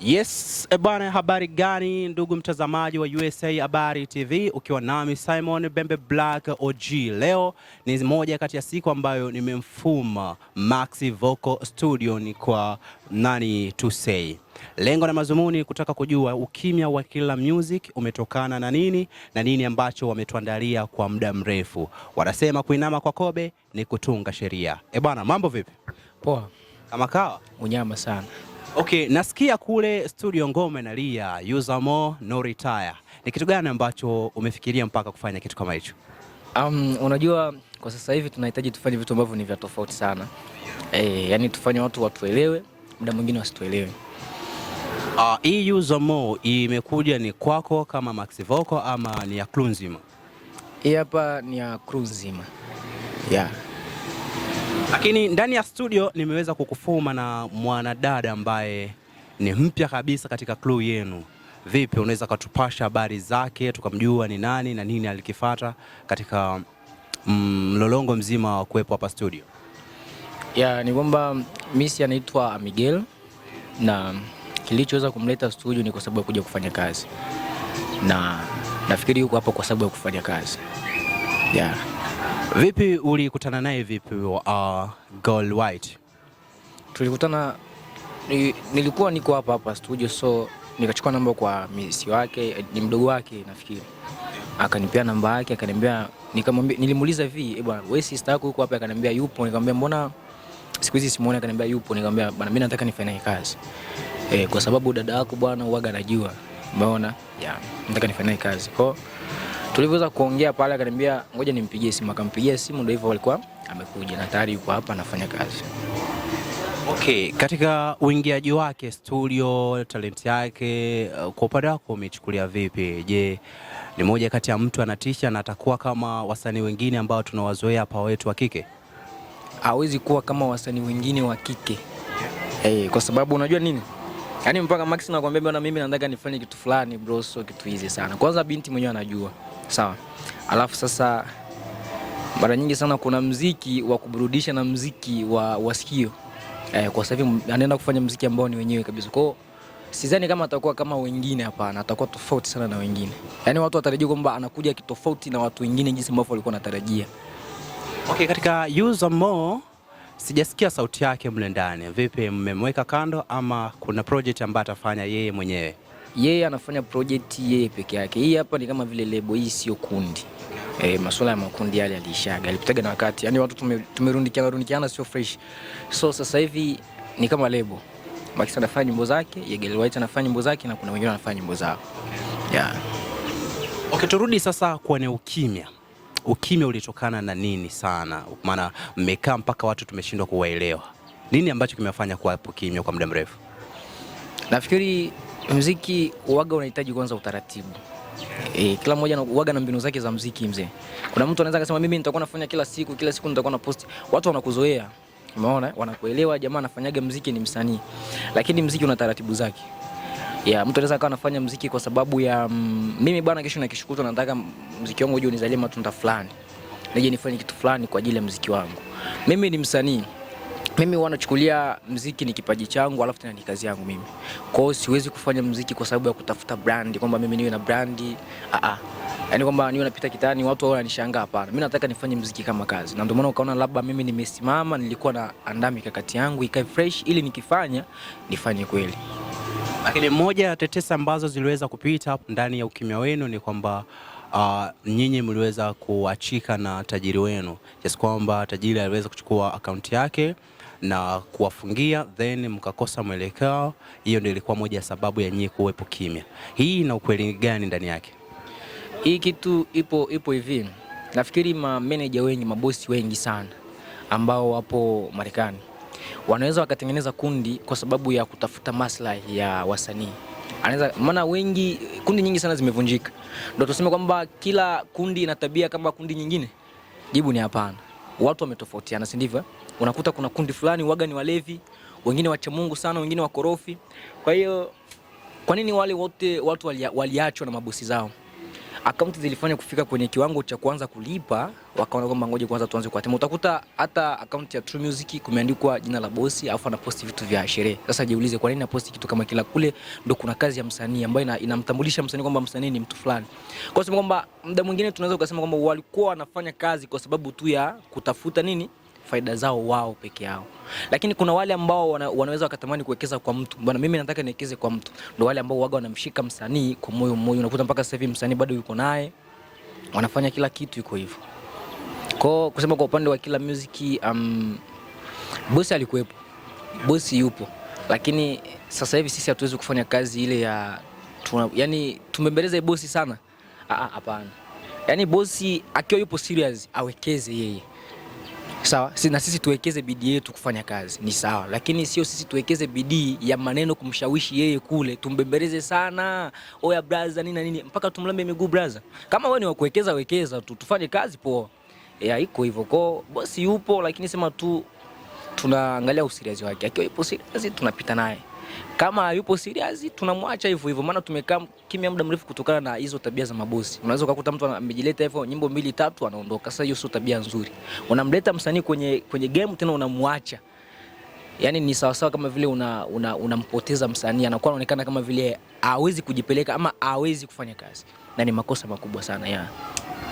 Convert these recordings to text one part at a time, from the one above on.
Yes, eh, bwana, habari gani ndugu mtazamaji wa USA Habari TV, ukiwa nami Simon Bembe Black OG. Leo ni moja kati ya siku ambayo nimemfuma Maxi Vocal Studio ni kwa nani say. lengo na mazumuni kutaka kujua ukimya wa kila Music umetokana na nini na nini ambacho wametuandalia kwa muda mrefu. Wanasema kuinama kwa kobe ni kutunga sheria. ebwana eh, bwana, mambo vipi? Poa kama kawa, unyama sana Okay, nasikia kule studio ngome inalia, use more no retire. Ni kitu gani ambacho umefikiria mpaka kufanya kitu kama hicho? Um, unajua kwa sasa hivi tunahitaji tufanye vitu ambavyo ni vya tofauti sana. Eh, yani tufanye watu watuelewe, muda mwingine wasituelewe. Uh, hii use more imekuja ni kwako kama Max Voko ama ni ya crew nzima? Hii hapa ni ya crew nzima. Yeah. Lakini ndani ya studio nimeweza kukufuma na mwanadada ambaye ni mpya kabisa katika crew yenu. Vipi, unaweza katupasha habari zake tukamjua ni nani na nini alikifata katika mm, mlolongo mm, mzima wa kuwepo hapa studio? Yeah, ni kwamba misi anaitwa Amigel na kilichoweza kumleta studio ni kwa sababu ya kuja kufanya kazi, na nafikiri yuko hapo kwa sababu ya kufanya kazi yeah. Vipi ulikutana naye vipi uh, Gold White? Tulikutana ni, nilikuwa niko hapa hapa studio so nikachukua namba kwa misi wake ni mdogo wake nafikiri. Akanipea namba yake akaniambia nikamwambia nilimuuliza hivi, eh bwana wewe sister yako yuko hapa akaniambia yupo nikamwambia mbona siku hizi simuone akaniambia yupo nikamwambia bwana mimi nataka nifanye kazi. Eh, kwa sababu dada yako bwana uaga anajua. Umeona? Yeah, nataka nifanye kazi. Kwa Tulivyoweza kuongea pale, akaniambia ngoja nimpigie simu, akampigia simu, ndio hivyo alikuwa amekuja na tayari yuko hapa anafanya kazi. Okay, katika uingiaji wake studio, talent yake, uh, kwa upande wako umechukulia vipi? Je, ni moja kati ya mtu anatisha na atakuwa kama wasanii wengine ambao tunawazoea hapa wetu wa kike? Hawezi kuwa kama wasanii wengine wa kike. Hey, eh, kwa sababu unajua nini? Yaani mpaka Max nakwambia bwana, mimi nataka nifanye kitu fulani bro, so kitu hizi sana. Kwanza binti mwenyewe anajua sawa. Alafu sasa mara nyingi sana kuna mziki wa kuburudisha na mziki wa wasikio eh, kwa sababu anaenda kufanya mziki ambao ni wenyewe kabisa. Kwa hiyo sidhani kama atakuwa kama wengine, hapana, atakuwa tofauti sana na wengine. Yaani watu watarajia kwamba anakuja kitofauti na watu wengine jinsi ambavyo walikuwa wanatarajia. Okay, katika Yuzo More sijasikia sauti yake mle ndani. Vipi, mmemweka kando ama kuna project ambayo atafanya yeye mwenyewe? yeye anafanya project yeye peke yake. Hii hapa ni kama vile lebo, hii sio kundi. E, masuala ya makundi yale alishaga alipitaga na wakati, yani watu tumerundikiana rundikiana, sio fresh. So sasa hivi ni kama lebo, Max anafanya nyimbo zake, Yegel White anafanya nyimbo zake na kuna wengine wanafanya nyimbo zao yeah. Okay, turudi sasa kwenye ukimya. Ukimya ulitokana na nini sana? Maana mmekaa mpaka watu tumeshindwa kuwaelewa. Nini ambacho kimefanya kuwapo kimya kwa muda mrefu? Nafikiri Mziki uwaga unahitaji kwanza utaratibu. E, kila mmoja uwaga na mbinu zake za mziki mzee. Kuna mtu anaweza akasema mimi nitakuwa nafanya kila siku, kila siku nitakuwa na post. Watu wanakuzoea. Umeona? Wanakuelewa, jamaa anafanyaga mziki ni msanii. Lakini mziki una taratibu zake. Ya, mtu anaweza akawa anafanya mziki kwa sababu ya mm, mimi bwana, kesho na kishukuru nataka mziki wangu uje unizalie matunda fulani. Nije nifanye kitu fulani kwa ajili ya mziki wangu. Mimi ni msanii mimi huwa nachukulia mziki ni kipaji changu, alafu tena ni kazi yangu mimi. Kwa hiyo siwezi kufanya mziki kwa sababu ya kutafuta brandi, kwamba mimi niwe na brandi aa, yaani kwamba niwe napita kitani watu wao wananishangaa. Hapana, mimi nataka nifanye mziki kama kazi, na ndio maana ukaona labda mimi nimesimama, nilikuwa na andaa mikakati yangu ikae fresh, ili nikifanya nifanye kweli. Lakini moja ya tetesi ambazo ziliweza kupita ndani ya ukimya wenu ni kwamba Uh, nyinyi mliweza kuachika na tajiri wenu kiasi kwamba tajiri aliweza kuchukua akaunti yake na kuwafungia then mkakosa mwelekeo. Hiyo ndio ilikuwa moja ya sababu ya nyinyi kuwepo kimya. Hii ina ukweli gani ndani yake? Hii kitu ipo ipo hivi, nafikiri ma manager wengi, mabosi wengi sana ambao wapo Marekani wanaweza wakatengeneza kundi kwa sababu ya kutafuta maslahi ya wasanii anaweza maana, wengi kundi nyingi sana zimevunjika. Ndio tuseme kwamba kila kundi ina tabia kama kundi nyingine? Jibu ni hapana, watu wametofautiana, si ndivyo? unakuta kuna kundi fulani waga ni walevi, wengine wacha Mungu sana, wengine wakorofi. Kwa hiyo kwa nini wale wote watu waliachwa na mabosi zao? Akaunti zilifanya kufika kwenye kiwango cha kuanza kulipa, wakaona kwamba ngoja kwanza tuanze kwa temu. Utakuta hata akaunti ya True Music kumeandikwa jina la bosi, alafu anaposti vitu vya sherehe. Sasa jiulize, kwa nini anaposti kitu kama kila? Kule ndo kuna kazi ya msanii ambayo inamtambulisha msanii kwamba msanii ni mtu fulani. Kwa sababu kwamba muda mwingine tunaweza ukasema kwamba walikuwa wanafanya kazi kwa sababu tu ya kutafuta nini faida zao wao peke yao, lakini kuna wale ambao wana, wanaweza wakatamani kuwekeza kwa mtu bwana, mimi nataka niwekeze kwa mtu. Ndio wale ambao waga wanamshika msanii kwa moyo mmoja, unakuta mpaka sasa hivi msanii bado yuko naye, wanafanya kila kitu, yuko hivyo kwa kusema. Kwa upande wa Kila Music, um, bosi alikuwepo, bosi yupo, lakini sasa hivi sisi hatuwezi kufanya kazi ile ya tuna, yani tumembeleza bosi sana. Ah, ah, hapana, yani bosi akiwa yupo serious awekeze yeye sawa, na sisi tuwekeze bidii yetu kufanya kazi ni sawa, lakini sio sisi tuwekeze bidii ya maneno kumshawishi yeye kule, tumbembeleze sana, oya braza nini na nini, mpaka tumlambe miguu braza. Kama wewe ni wakuwekeza, wekeza tu, tufanye kazi poa. Ya iko hivyo ko bosi yupo, lakini sema tu tunaangalia usiriazi wake, akiwa ipo serious tunapita naye. Kama yupo serious tunamwacha hivyo hivyo, maana tumekaa kimya muda mrefu kutokana na hizo tabia za mabosi. Unaweza ukakuta mtu amejileta hivyo nyimbo mbili tatu anaondoka. Sasa hiyo sio tabia nzuri, unamleta msanii kwenye, kwenye game tena unamwacha Yaani ni sawasawa kama vile unampoteza una, una msanii anakuwa anaonekana kama vile hawezi kujipeleka ama hawezi kufanya kazi, na ni makosa makubwa sana ya.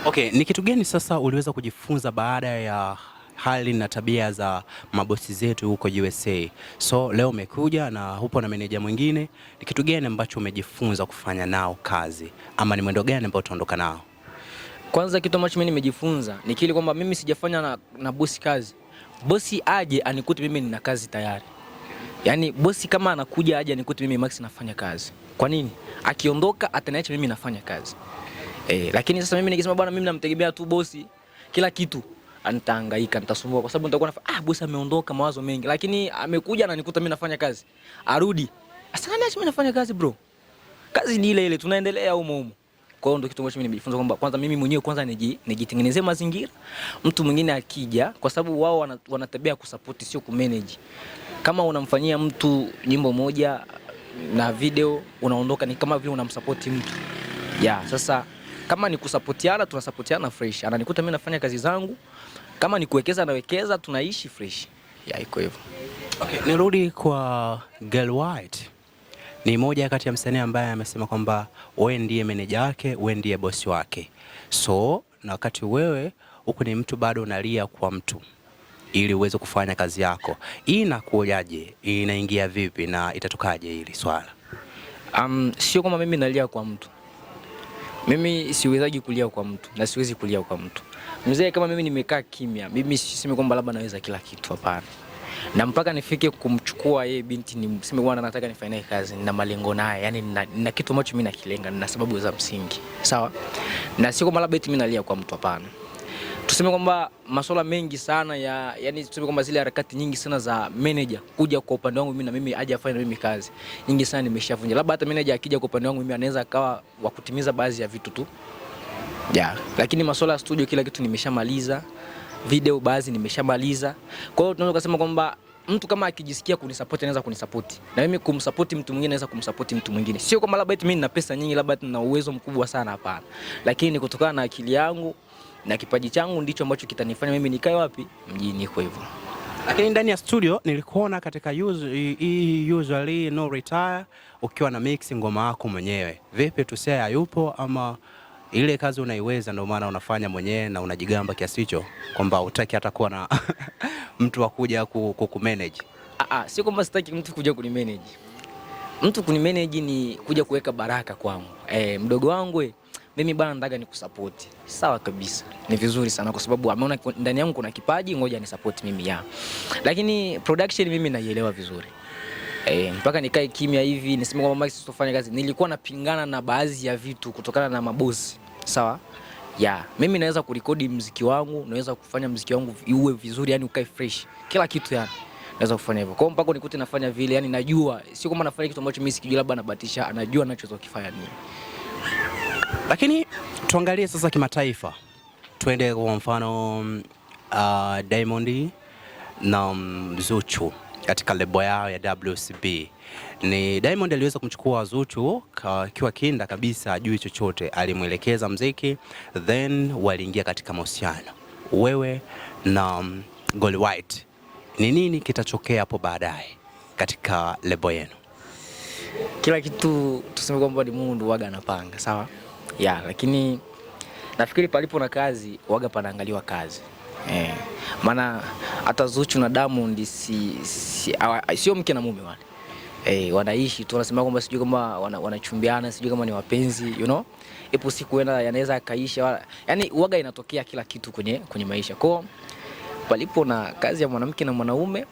Okay, ni kitu gani sasa uliweza kujifunza baada ya hali na tabia za mabosi zetu huko USA. So leo umekuja na upo na meneja mwingine, ni kitu gani ambacho umejifunza kufanya nao kazi ama ni mwendo gani ambao utaondoka nao? Kwanza kitu ambacho mimi nimejifunza ni kile kwamba mimi sijafanya na, na bosi kazi, bosi aje anikute mimi nina kazi tayari. Yaani bosi kama anakuja aje anikute mimi Max nafanya kazi. Kwa nini? Akiondoka ataniacha mimi nafanya kazi. Eh, lakini sasa mimi nikisema bwana, mimi namtegemea tu bosi kila kitu nitahangaika, nitasumbua kwa sababu nitakuwa ah, bosi ameondoka, mawazo mengi, lakini amekuja ananikuta mimi nafanya kazi, arudi asante, mimi nafanya kazi bro, kazi ni ile ile, tunaendelea humo humo. Kwa hiyo ndio kitu ambacho mimi nimejifunza kwamba kwanza mimi mwenyewe kwanza nijitengenezee mazingira, mtu mwingine akija, kwa sababu wao wanatabia wana tabia kusupport, sio kumanage. Kama unamfanyia mtu nyimbo moja na video unaondoka, ni kama vile unamsupport mtu ya yeah. Sasa kama ni kusapotiana tunasapotiana fresh, ananikuta mimi nafanya kazi zangu, kama ni kuwekeza nawekeza, tunaishi fresh ya iko hivyo. Okay, nirudi kwa Girl White. Ni moja kati ya msanii ambaye amesema kwamba wewe ndiye meneja wake, wewe ndiye bosi wake, so na wakati wewe huku ni mtu bado unalia kwa mtu ili uweze kufanya kazi yako. Hii inakujaje? Inaingia vipi na itatokaje hili swala? Um, sio kama mimi nalia kwa mtu mimi siwezaji kulia kwa mtu na siwezi kulia kwa mtu mzee. Kama mimi nimekaa kimya, mimi siseme kwamba labda naweza kila kitu, hapana. Na mpaka nifike kumchukua yeye binti, nimseme kwamba nataka nifanye kazi, nina malengo naye, yani nina kitu ambacho mimi nakilenga, nina sababu za msingi, sawa. Na sio kwamba labda eti mimi nalia kwa mtu, hapana tuseme kwamba masuala mengi sana ya yani, tuseme kwamba zile harakati nyingi sana za manager kuja kwa upande wangu mimi na mimi aje afanye na mimi kazi nyingi sana nimeshavunja. Labda hata manager akija kwa upande wangu mimi anaweza akawa wa kutimiza baadhi ya vitu tu ya yeah. Lakini masuala ya studio kila kitu nimeshamaliza, video baadhi nimeshamaliza. Kwa hiyo tunaweza kusema kwamba mtu kama akijisikia kunisupport anaweza kunisupport, na mimi kumsupport mtu mwingine anaweza kumsupport mtu mwingine. Sio kwamba labda eti mimi nina pesa nyingi, labda nina uwezo mkubwa sana, hapana, lakini kutokana na akili yangu na kipaji changu ndicho ambacho kitanifanya mimi nikae wapi mjini, kwa hivyo lakini ndani ya studio nilikuona katika hii usually no retire ukiwa na mix ngoma yako mwenyewe. Vipi Tusea hayupo ama ile kazi unaiweza, ndio maana unafanya mwenyewe na unajigamba kiasi hicho kwamba utaki hata kuwa na mtu wa kuja kukumanage? Ah, ah si kwamba sitaki mtu kuja kunimanage. Mtu kunimanage ni kuja kuweka baraka kwangu. E, mdogo wangu eh, mimi bwana, nataka kusupport. Sawa kabisa, ni vizuri sana kwa sababu ameona ndani yangu kuna kipaji, ngoja ni support mimi ya. Lakini production mimi naielewa vizuri Eh, mpaka nikae kimya hivi niseme kwamba Max sitofanya kazi. Nilikuwa napingana na baadhi ya vitu kutokana na mabosi. Sawa? Yeah, mimi naweza kurekodi mziki wangu, naweza kufanya mziki wangu iwe vizuri, yani ukae fresh. Kila kitu yani. Naweza kufanya hivyo. Kwa hiyo mpaka nikute nafanya vile, yani najua sio kama nafanya kitu ambacho mimi sikijua, labda anabatisha, anajua anachoweza kufanya nini. Lakini tuangalie sasa kimataifa, tuende kwa mfano uh, Diamond na um, Zuchu katika lebo yao ya WCB ni Diamond aliweza kumchukua Zuchu akiwa kinda kabisa, ajui chochote, alimwelekeza mziki, then waliingia katika mahusiano. Wewe na um, Gold White, ni nini kitachokea hapo baadaye katika lebo yenu? Kila kitu tuseme kwamba ni Mungu anapanga, sawa ya, lakini nafikiri palipo na kazi waga panaangaliwa kazi eh. Maana hata Zuchu na Diamond si, si, sio mke na mume wale eh, wanaishi tu, wanasema kwamba sijui kama wanachumbiana wana sijui kama ni wapenzi you know? Ipo siku enda yanaweza akaisha wala, yani waga inatokea kila kitu kwenye, kwenye maisha kwao. Palipo na kazi ya mwanamke na mwanaume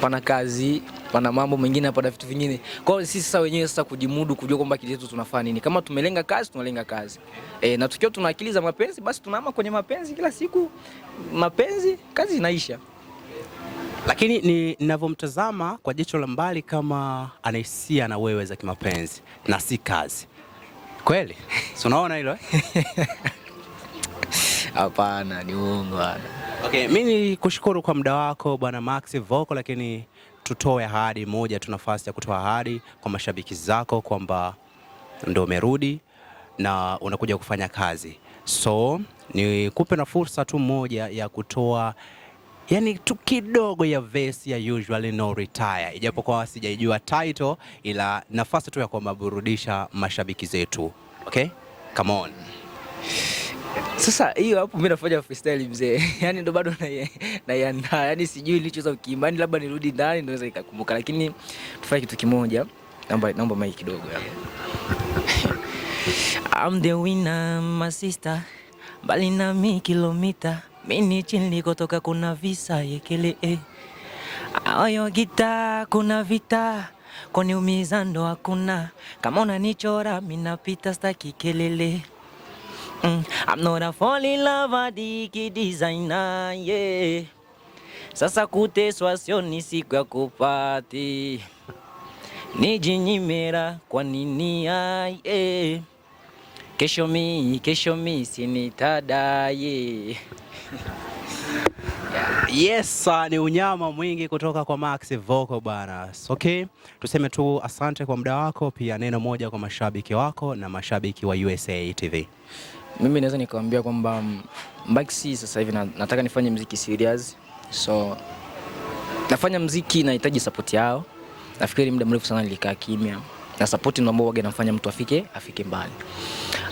pana kazi pana mambo mengine pana vitu vingine. Kwa hiyo sisi sasa wenyewe sasa kujimudu, kujua kwamba akili zetu tunafanya nini. Kama tumelenga kazi, tunalenga kazi e, na tukiwa tuna akili za mapenzi, basi tunaama kwenye mapenzi kila siku, mapenzi, kazi inaisha. Lakini ni ninavyomtazama kwa jicho la mbali, kama anahisia na wewe za kimapenzi na si kazi, kweli? Si unaona hilo eh? Hapana, ni uongo bwana. Okay, mimi nikushukuru kwa muda wako Bwana Max Voko, lakini tutoe ahadi moja tu, nafasi ya kutoa ahadi kwa mashabiki zako kwamba ndo umerudi na unakuja kufanya kazi. So nikupe na fursa tu moja ya kutoa yani tu kidogo ya verse ya usually no retire, ijapokuwa sijaijua title, ila nafasi tu ya kuwaburudisha mashabiki zetu. Okay, come on. Sasa hiyo hapo mimi nafanya freestyle mzee. Yaani ndo bado na naiandaa. Yaani sijui nilichoweza kiimani, labda nirudi ndani naweza ikakumbuka lakini tufanye kitu kimoja. Naomba naomba mic kidogo hapo. I'm the winner my sister. Mbali na mi kilomita, mimi chini toka kuna visa yekele eh. Ayo gita kuna vita Kwa kuniumiza ndo hakuna, kama unanichora mimi napita, staki kelele Mm, I'm not a fall in love adiki designer, yeah. Sasa kuteswa sio ni siku ya kupati nijinyimera kwa nini ai eh. Kesho mi kesho mi sinitadaye Yes, ni unyama mwingi kutoka kwa Max Vocal bana. Okay, tuseme tu asante kwa muda wako, pia neno moja kwa mashabiki wako na mashabiki wa USA TV. Mimi naweza nikawambia kwamba mm, si sasa hivi nataka nifanye mziki serious, so nafanya mziki, nahitaji support yao. Nafikiri muda mrefu sana nilikaa kimya, na support ndio ambao inamfanya mtu afike afike mbali.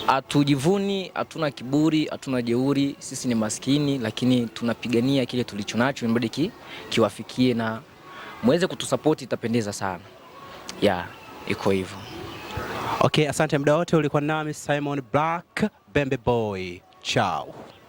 Hatujivuni, hatuna kiburi, hatuna jeuri. Sisi ni maskini, lakini tunapigania kile tulicho nacho ki, kiwafikie na muweze kutusupport, itapendeza sana yeah, iko hivyo. Okay, asante. Muda wote ulikuwa nami Simon Black. Bembe Boy. Ciao.